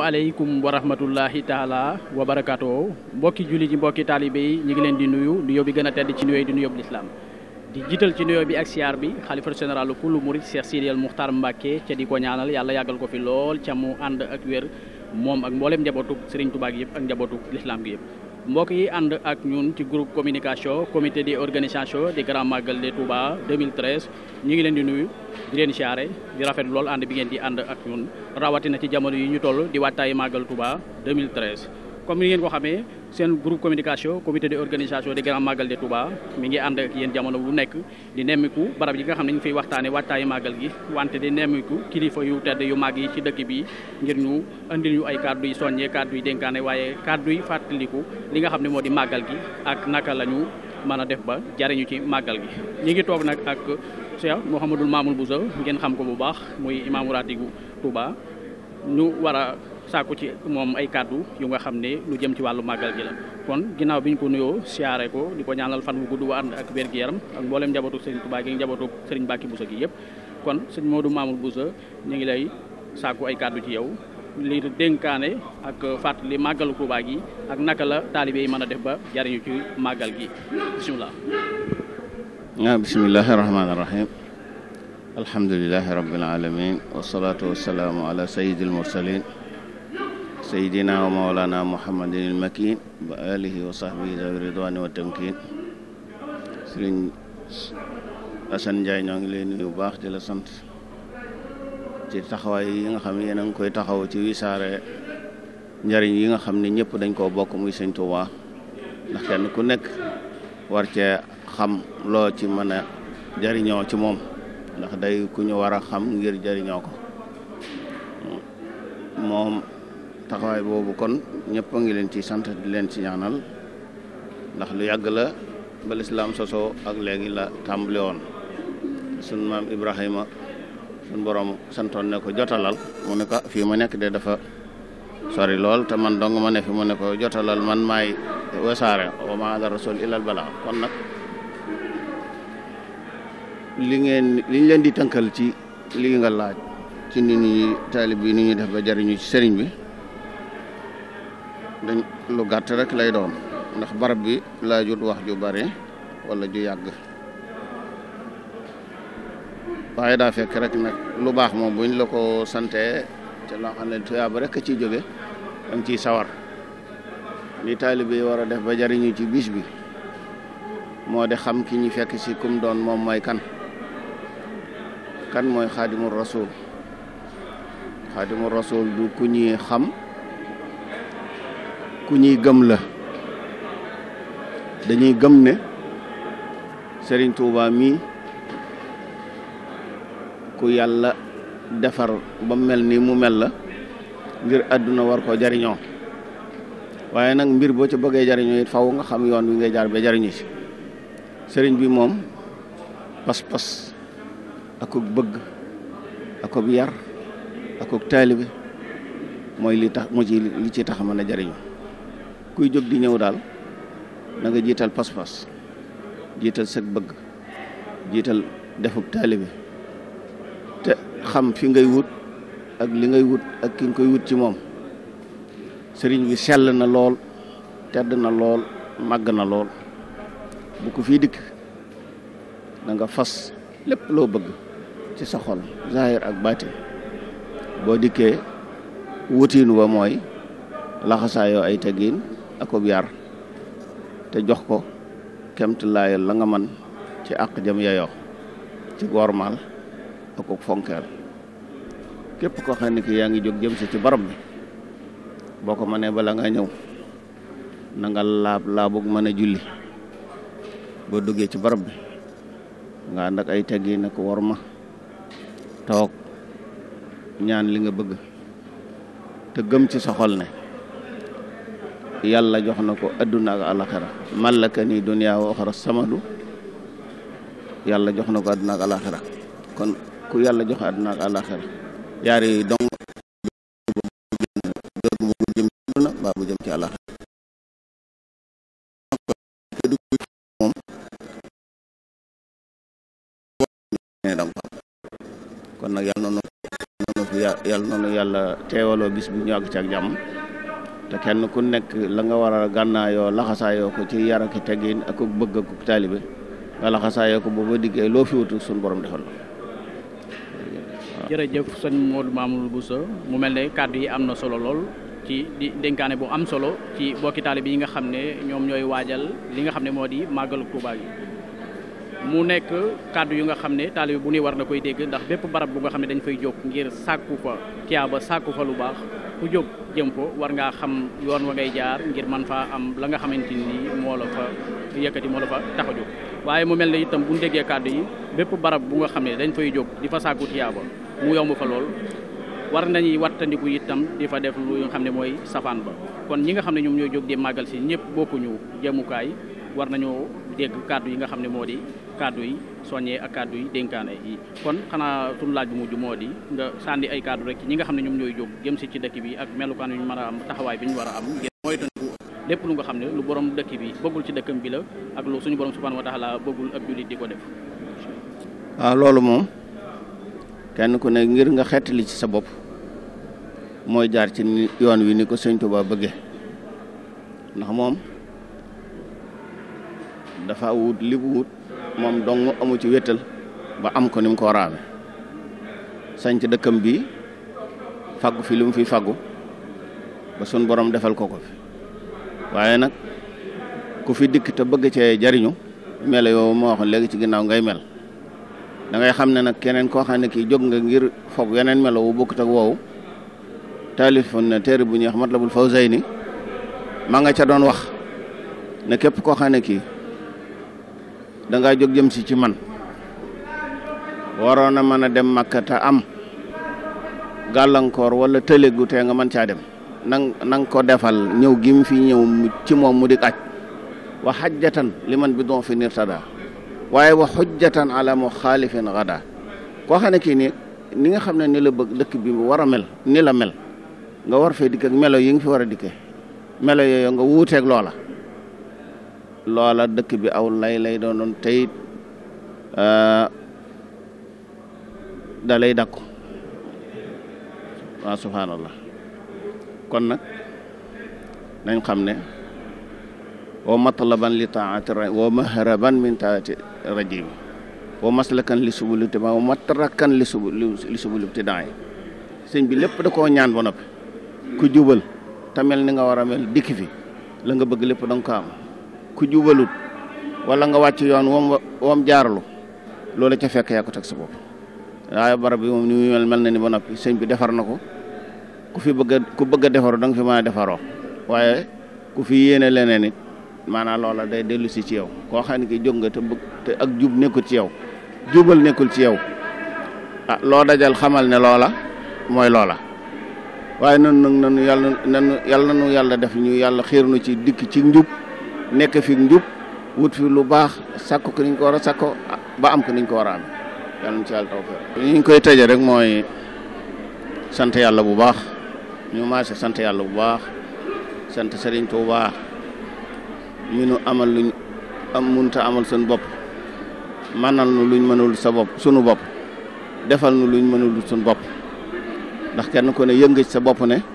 asalaamualeykum wa rahmatullahi taala wa barakaatu mbokki jullit yi mbokki taalibe yi ñu ngi leen di nuyu nuyoo bi gën a tedd ci nuyoo yi di nuyoo lislaam di jiital ci nuyoo bi ak siyaar bi xalifa général kullu murid Cheikh Sidi al Muxtaar Mbàkke ca di ko ñaanal yàlla yàggal ko fi lool ca mu ànd ak wér moom ak mboolem njabootug Sëriñ Tuubaa gi yëpp ak njabootug lislaam gi yëpp mbokk yi ànd ak ñun ci groupe communication commité comité d'organisation du Grand Magal de Touba 2013 ñu ngi leen di nuyu di leen siyaare di rafet lool ànd bi ngeen di ànd ak ñun rawatina ci jamono yi ñu toll di waajtaayu Magal Touba 2013. comme ni ngeen ko xamee seen groupe communication comité de organisation des grands magal de Touba mi ngi ànd ak yéen jamono bu nekk di nemmiku barab yi nga xam ne ñu fiy waxtaanee waajtaayu magal gi wante di nemmiku kilifa yu tedd yu mag yi ci dëkk bi ngir ñu indil ñu ay kàddu yi soññee kàddu yi dénkaane waaye kàddu yi fàttaliku li nga xam ne moo di magal gi ak naka la ñu mën a def ba jariñu ci màggal gi ñu ngi toog nag ak Cheikh Mouhamadul bu Bousso ngeen xam ko bu baax muy imaamu raatigu Touba ñu war saako ci moom ay kàddu yu nga xam ne lu jëm ci wàllu màggal gi la kon ginnaaw bi ñu ko nuyoo siyaare ko di ko ñaanal fan wu gudd wu ànd ak wérgu yaram ak mbooleem njabootu Serigne Touba gi njabootu Serigne Mbacké Bousso gi yëpp kon sëñ Modou Mamour Bousso ñu ngi lay saako ay kàddu ci yow li dénkaane ak fàttali màggalu Touba gi ak naka la taalibe yi mën a def ba jariñu ci màggal gi bisimilah. waaw bisimilah rahmaani rahim. alhamdulilah rabbil alamin wasalaatu seydina wa mawlana muhammadin il makin wa alihi wa sahbihi zawi ridwani wa tamkin sëriñ Assane Ndiaye ñoo ngi lay bu baax di la sant ci taxawaay yi nga xam ne yéen a ngi koy taxaw ci wisaare njariñ yi nga xam ne ñëpp dañ koo bokk muy sëñ Tuubaa ndax kenn ku nekk war cee xam loo ci mën a jariñoo ci moom ndax day ku ñu war a xam ngir jariñoo ko moom taxawaay boobu kon ñëpp ngi leen ci sant di leen ci ñaanal ndax lu yàgg la ba lislaam sosoo ak léegi la tàmbali woon sun maam Ibrahima sun borom santoon ne ko jotalal mu ne fii ma nekk de dafa sori lool te man dong ma ne fi mu ne ko jotalal man may wasaare wa ma ala ilal balaa kon nag li ngeen liñ leen di tënkal ci lii nga laaj ci ni ñuy taalib bi ni ñuy def ba jariñu ci sëriñ bi dañ lu gàtt rek lay doon ndax barab bi laajut wax ju bare walla ju yàgg waaye daa fekk rek nag lu baax moom buñ la ko santee te loo xam ne rek a ciy jóge dañ ciy sawar li taalibe yi war a def ba jariñu ci bis bi moo de xam ki ñu fekk si kum doon moom mooy kan kan mooy xaadimul rasul xaadimul rasul du ku xam ku ñuy gëm la dañuy gëm ne Sëriñ Tuuba mii ku yàlla defar ba mel nii mu mel la ngir àdduna war koo jariñoo waaye nag mbir boo ci bëggee jariñoo faw nga xam yoon wi nga jaar ba jariñu ci sëriñ bi moom pas-pas akuk bëgg akub yar akuk taalibe mooy li tax mu ci li ci tax mën a jariñu kuy jóg di ñëw daal danga jiital pas-pas jiital sag bëgg jiital defuk taalibe te xam fi ngay wut ak li ngay wut ak ki koy wut ci moom sëriñ bi sell na lool tedd na lool màgg na lool bu fii dikk danga fas lépp loo bëgg ci sa xol zahir ak baatin boo dikkee wutiin wa mooy laxasaayoo ay teggin akook yar te jox ko kemtulaayal la nga man ci àq jëm yeyoo ci gormal akub fonkeel képp ko xam yaa ngi jog jëm si ci barab bi boo ko mënee bala nga ñëw na nga laab laabug mën a julli boo duggee ci barab bi nga ànd ay teggi nag war ma toog ñaan li nga bëgg te gëm ci sa xol ne yàlla jox na ko àdduna ak alaxira mallaka ni dunya wa samadu yàlla jox na ko adduna ak alaxira kon ku yàlla jox adduna ak alaxira yaar yi dong dootu mu jëm ci adduna mbaa mu kon nag yàlla noonu yàlla teewaloo bis bu ñu àgg ci jàmm te kenn ku nekk la nga war a gànnaayoo laxasaayoo ko ci yar ak ak bëgg ak ko taalibe nga laxasaayoo ko booba diggee loo fi wutu suñu borom defal la jërëjëf sëñ Modou Mamour mu mel ne kàddu yi am na solo lool ci di dénkaane boo am solo ci bokki taalibe yi nga xam ne ñoom ñooy waajal li nga xam ne moo di màggalu Tuuba yi mu nekk kàddu yi nga xam ne taalibe bu nuy war na koy dégg ndax bépp barab bu nga xam ne dañ fay jóg ngir sàkku fa tiyaaba sàkku fa lu baax ku jóg jëm ko war ngaa xam yoon wa ngay jaar ngir man faa am la nga xamante ni moo la fa yëkkati moo la fa tax a jóg waaye mu mel na itam bu ñu kàddu yi bépp barab bu nga xam ne dañ fay jóg di fa sàkku tiyaaba mu yomb fa lool war nañuy wattandiku itam di fa def lu nga xam ne mooy safaan ba kon ñi nga xam ne ñoom ñooy jóg di màggal si ñëpp bokkuñu jëmukaay war nañoo dégg kàddu yi nga xam ne moo di kàddu yi soññee ak kàddu yi dénkaane yi kon xanaa sunu laaj bu mujj moo di nga sànni ay kaddu rek ñi nga xam ne ñoom ñooy jóg jëm si ci dëkk bi ak melukaan yu ñu mën am taxawaay bi ñu war am ngeen moytandiku lépp lu nga xam ne lu borom dëkk bi bëggul ci dëkkam bi la ak lu suñu borom subhanahu wa taala bëggul ab jullit di ko def. waaw loolu moom kenn ku ne ngir nga xettali ci sa bopp mooy jaar ci yoon wi ni ko sëñ Tuubaa bëgge moom. dafa wut li wut moom dong amu ci wéttal ba am ko ni mu ko sanc dëkkam bi faggu fi lu mu fi fagu ba sun borom defal ko ko fi waaye nag ku fi dikk te bëgg cee jariñu mel yow ma waxoon léegi ci ginnaaw ngay mel dangay xam ne nag keneen koo xam nga ngir foog weneen melo wu bokkut ak woowu taalifoon na téere bu ñuy wax Matlabul Fawzayni ma nga ca doon wax ne képp koo kii da ngaa jóg jëm ci ci man waroon a mën a dem Makka te am gàllankoor wala tëlégu tee nga mën caa dem nang nang ko defal ñëw gi mu fi ñëw ci moom mu dik aj wa xajjatan li man bi doon fi nirtada waaye wa xujjatan ala mu xaalifin gada koo xam ne kii ni ni nga xam ne ni la bëgg dëkk bi war a mel nila mel nga war fee dikk melo yi nga fi war a dikke melo yooyu nga wuuteeg loola loola dëkk bi aw lay lay doonoon tey ah, da lay dakku waaw subhaanallah kon nag nañ xam ne wa matlaban li taati wa mahraban min taati rajim wa maslakan li subuli tiba wa matrakan li li subuli tidaay sëñ bi lépp da koo ñaan ba noppi ku jubal te mel ni nga war a mel dikki fi la nga bëgg lépp don nga ku jubalut wala nga wàcc yoon woom woom jaarlu loola ca fekk yaa ko teg sa bopp waaye barab moom ni mu mel mel na ni ba noppi sëñ bi defar na ko ku fi bëgg a ku bëgg a defaru da fi mën defaroo waaye ku fi yéene leneen it loola day dellu si ci yow koo xam ne ki jóg nga te ak jub nekkul ci yow jubal nekkul ci yow ah loo dajal xamal ne loola mooy loola waaye nan nag nanu yàlla nanu yàlla nanu def ñu yàlla xiir nu ci dikk ci njub nekk fi njub wut fi lu baax sakku ko niñ ko war a sakko ba am ko niñ ko war a am yàlla na ci yàlla tawfeex ñu koy tëje rek mooy sant yàlla bu baax ñu maase sant yàlla bu baax sant Serigne Touba mi nu amal luñ am munta amal suñu bopp manal nu luñ mënul sa bopp sunu bopp defal nu luñ mënul suñu bopp ndax kenn ko ne yëngëj sa bopp ne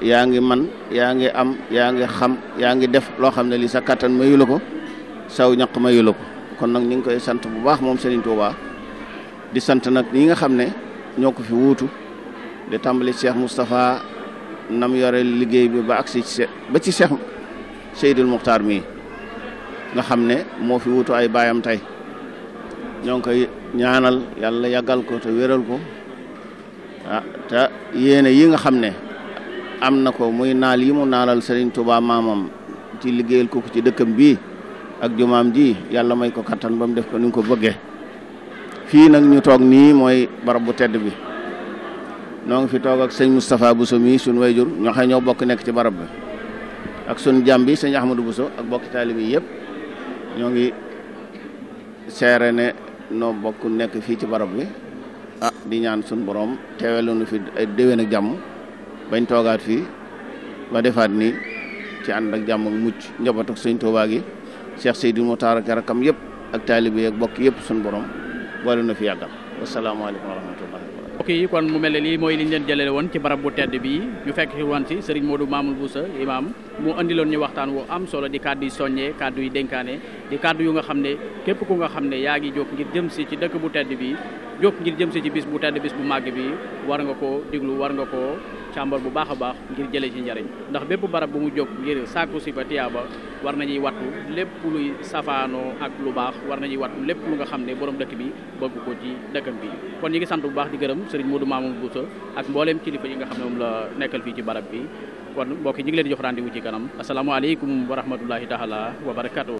yaa ngi man yaa ngi am yaa ngi xam yaa ngi def loo xam ne lii sa kattan mayu la ko saw ñaq mayu la ko kon nag ñu ngi koy sant bu baax moom Serigne Touba di sant nag ñi nga xam ne ñoo ko fi wuutu di tàmbali Cheikh Moustapha nam yore liggéey bi ba aksi ci ba ci Cheikh Seydil Muxtaar mii nga xam ne moo fi wuutu ay baayam tey ñoo ngi koy ñaanal yàlla yàggal ko te wéral ko ah te yéene yi nga xam ne am na ko muy naal yi mu naalal Serigne Touba maamam ci liggéeyal ko ci dëkkam bii ak jumaam ji yàlla may ko kattan ba mu def ko ni ko bëggee fii nag ñu toog nii mooy barab bu tedd bi noo ngi fi toog ak sëñ Moustapha Bousso mi suñ wayjur ñoo xam ñoo bokk nekk ci barab bi ak sun jàmm bi sëñ Ahmadou Bousso ak bokk taalibe bi yëpp ñoo ngi seere ne noo bokk nekk fii ci barab bi ah di ñaan suñ borom teewelu nu fi ay déwén ak jàmm bañ toogaat fii ba defaat ni ci ànd ak jàmm mucc njabootu sëñ Tuubaa gi Cheikh Seydi Muxtaar ak rakam yëpp ak taalibe ak bokk yëpp suñu borom boole na fi yàggal wasalaamaaleykum a rahmatullahi mbokk yi kon mu mel ne lii mooy li ñu leen jëlale woon ci barab bu tedd bi ñu fekk ci sëriñ si Serigne Modou Mamoul Boussa imam mu andiloon ñu waxtaan wu am solo di kàddu yi soññee kàddu yi denkaane di kàddu yu nga xam ne képp ku nga xam ne yaa ngi jóg ngir jëm si ci dëkk bu tedd bii jóg ngir jëm si ci bis bu tedd bis bu màgg bi war nga koo déglu war nga koo càmbar bu baax a baax ngir jëlee ci njariñ ndax bépp barab bu mu jóg ngir sàkku si fa tiyaaba war nañuy wattu lépp luy safaanoo ak lu baax war nañuy wattu lépp lu nga xam ne borom dëkk bi bëgg ko ci dëkkam bi kon ñi ngi sant bu baax di gërëm sëriñ Modou Mamoun Bousso ak mbooleem kilifa yi nga xam ne moom la nekkal fii ci barab bi kon mbokk yi ñu ngi leen jox rendez-vous ci kanam asalaamaaleykum wa rahmatullahi taala wa barakatu